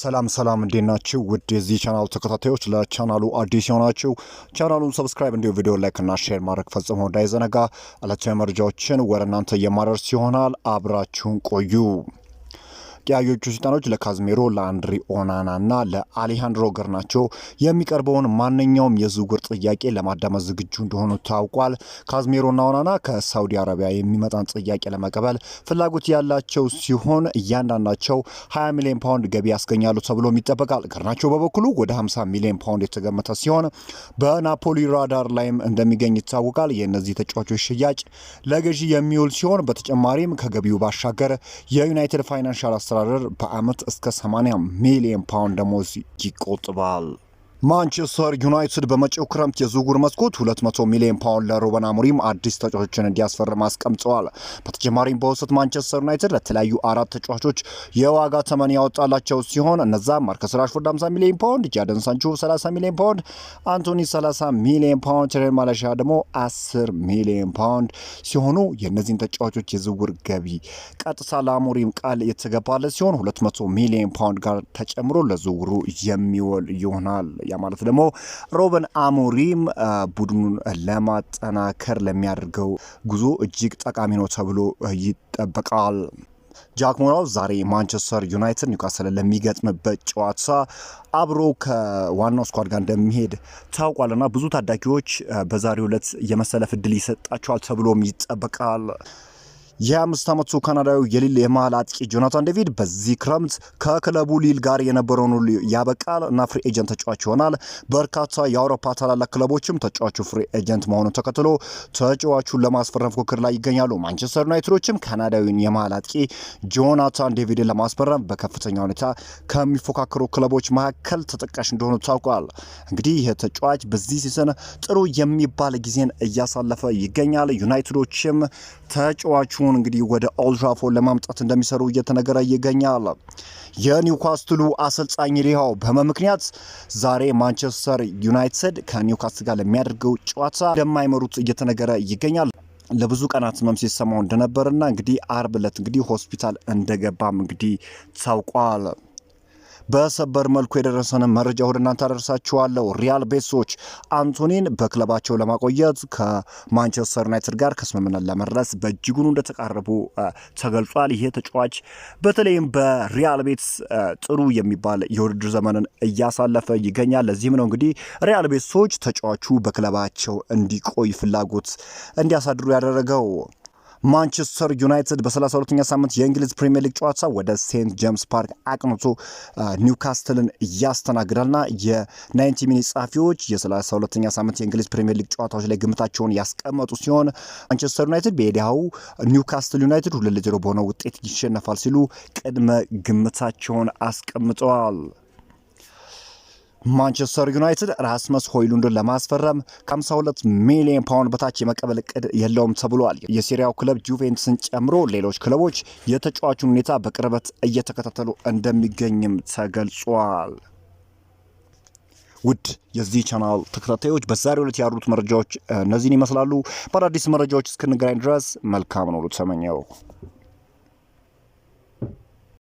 ሰላም ሰላም እንዴት ናችሁ? ውድ የዚህ ቻናሉ ተከታታዮች፣ ለቻናሉ አዲስ የሆናችሁ ቻናሉን ሰብስክራይብ እንዲሁ ቪዲዮ ላይክ እና ሼር ማድረግ ፈጽሞ እንዳይዘነጋ። ዕለታዊ መረጃዎችን ወደ እናንተ የማደርስ ይሆናል። አብራችሁን ቆዩ። ቀያዮቹ ሰይጣኖች ለካዝሜሮ ለአንድሪ ኦናና እና ለአሌሃንድሮ ገርናቾ የሚቀርበውን ማንኛውም የዝውውር ጥያቄ ለማዳመጥ ዝግጁ እንደሆኑ ታውቋል። ካዝሜሮና ኦናና ከሳውዲ አረቢያ የሚመጣን ጥያቄ ለመቀበል ፍላጎት ያላቸው ሲሆን እያንዳንዳቸው 20 ሚሊዮን ፓውንድ ገቢ ያስገኛሉ ተብሎም ይጠበቃል። ገርናቾ በበኩሉ ወደ 50 ሚሊዮን ፓውንድ የተገመተ ሲሆን በናፖሊ ራዳር ላይም እንደሚገኝ ይታወቃል። የእነዚህ ተጫዋቾች ሽያጭ ለገዢ የሚውል ሲሆን በተጨማሪም ከገቢው ባሻገር የዩናይትድ ፋይናንሻል አስተዳደር በአመት እስከ 80 ሚሊዮን ፓውንድ ደሞዝ ይቆጥባል። ማንቸስተር ዩናይትድ በመጪው ክረምት የዝውውር መስኮት 200 ሚሊዮን ፓውንድ ለሩበን አሞሪም አዲስ ተጫዋቾችን እንዲያስፈርም አስቀምጠዋል። በተጨማሪም በውሰት ማንቸስተር ዩናይትድ ለተለያዩ አራት ተጫዋቾች የዋጋ ተመን ያወጣላቸው ሲሆን እነዛ ማርከስ ራሽፎርድ 50 ሚሊዮን ፓውንድ፣ ጃደን ሳንቾ 30 ሚሊዮን ፓውንድ፣ አንቶኒ 30 ሚሊዮን ፓውንድ፣ ቴሬን ማለሻ ደግሞ 10 ሚሊዮን ፓውንድ ሲሆኑ የእነዚህን ተጫዋቾች የዝውውር ገቢ ቀጥታ ለአሞሪም ቃል የተገባለ ሲሆን 200 ሚሊዮን ፓውንድ ጋር ተጨምሮ ለዝውውሩ የሚውል ይሆናል። ያ ማለት ደግሞ ሮበን አሞሪም ቡድኑን ለማጠናከር ለሚያደርገው ጉዞ እጅግ ጠቃሚ ነው ተብሎ ይጠበቃል። ጃክ ሞራው ዛሬ ማንቸስተር ዩናይትድ ኒውካስል ለሚገጥምበት ጨዋታ አብሮ ከዋናው ስኳድ ጋር እንደሚሄድ ታውቋልና ብዙ ታዳጊዎች በዛሬው ዕለት የመሰለፍ እድል ይሰጣቸዋል ተብሎም ይጠበቃል። የአምስት 25 ዓመቱ ካናዳዊ የሊል የመሃል አጥቂ ጆናታን ዴቪድ በዚህ ክረምት ከክለቡ ሊል ጋር የነበረውን ሁሉ ያበቃል እና ፍሪ ኤጀንት ተጫዋች ይሆናል። በርካታ የአውሮፓ ታላላቅ ክለቦችም ተጫዋቹ ፍሪ ኤጀንት መሆኑን ተከትሎ ተጫዋቹን ለማስፈረም ፉክክር ላይ ይገኛሉ። ማንቸስተር ዩናይትዶችም ካናዳዊን የመሃል አጥቂ ጆናታን ዴቪድን ለማስፈረም በከፍተኛ ሁኔታ ከሚፎካከሩ ክለቦች መካከል ተጠቃሽ እንደሆኑ ታውቋል። እንግዲህ ይህ ተጫዋች በዚህ ሲዝን ጥሩ የሚባል ጊዜን እያሳለፈ ይገኛል። ዩናይትዶችም ተጫዋቹ ተጫዋቹን እንግዲህ ወደ ኦልትራፎርድ ለማምጣት እንደሚሰሩ እየተነገረ ይገኛል። የኒውካስትሉ አሰልጣኝ ሪሃው በህመም ምክንያት ዛሬ ማንቸስተር ዩናይትድ ከኒውካስትል ጋር ለሚያደርገው ጨዋታ እንደማይመሩት እየተነገረ ይገኛል። ለብዙ ቀናት ህመም ሲሰማው እንደነበርና እንግዲህ አርብ እለት እንግዲህ ሆስፒታል እንደገባም እንግዲህ ታውቋል። በሰበር መልኩ የደረሰን መረጃ ወደ እናንተ አደርሳችኋለሁ። ሪያል ቤሶች አንቶኒን በክለባቸው ለማቆየት ከማንቸስተር ዩናይትድ ጋር ከስምምነት ለመድረስ በእጅጉኑ እንደተቃረቡ ተገልጿል። ይሄ ተጫዋች በተለይም በሪያል ቤቲስ ጥሩ የሚባል የውድድር ዘመንን እያሳለፈ ይገኛል። ለዚህም ነው እንግዲህ ሪያል ቤቲሶች ተጫዋቹ በክለባቸው እንዲቆይ ፍላጎት እንዲያሳድሩ ያደረገው። ማንቸስተር ዩናይትድ በ 32 ሳምንት የእንግሊዝ ፕሪምየር ሊግ ጨዋታ ወደ ሴንት ጄምስ ፓርክ አቅንቶ ኒውካስትልን እያስተናግዳልና የ90 ሚኒት ጸሐፊዎች የ 32 ሳምንት የእንግሊዝ ፕሪምየር ሊግ ጨዋታዎች ላይ ግምታቸውን ያስቀመጡ ሲሆን ማንቸስተር ዩናይትድ በኤዲሃው ኒውካስትል ዩናይትድ ሁለት ለዜሮ በሆነ ውጤት ይሸነፋል ሲሉ ቅድመ ግምታቸውን አስቀምጠዋል። ማንቸስተር ዩናይትድ ራስመስ ሆይሉንድን ለማስፈረም ከ52 ሚሊዮን ፓውንድ በታች የመቀበል እቅድ የለውም ተብሏል። የሴሪያው ክለብ ጁቬንትስን ጨምሮ ሌሎች ክለቦች የተጫዋቹን ሁኔታ በቅርበት እየተከታተሉ እንደሚገኝም ተገልጿል። ውድ የዚህ ቻናል ተከታታዮች በዛሬው ዕለት ያሉት መረጃዎች እነዚህን ይመስላሉ። በአዳዲስ መረጃዎች እስክንገናኝ ድረስ መልካም ነው ተመኘው።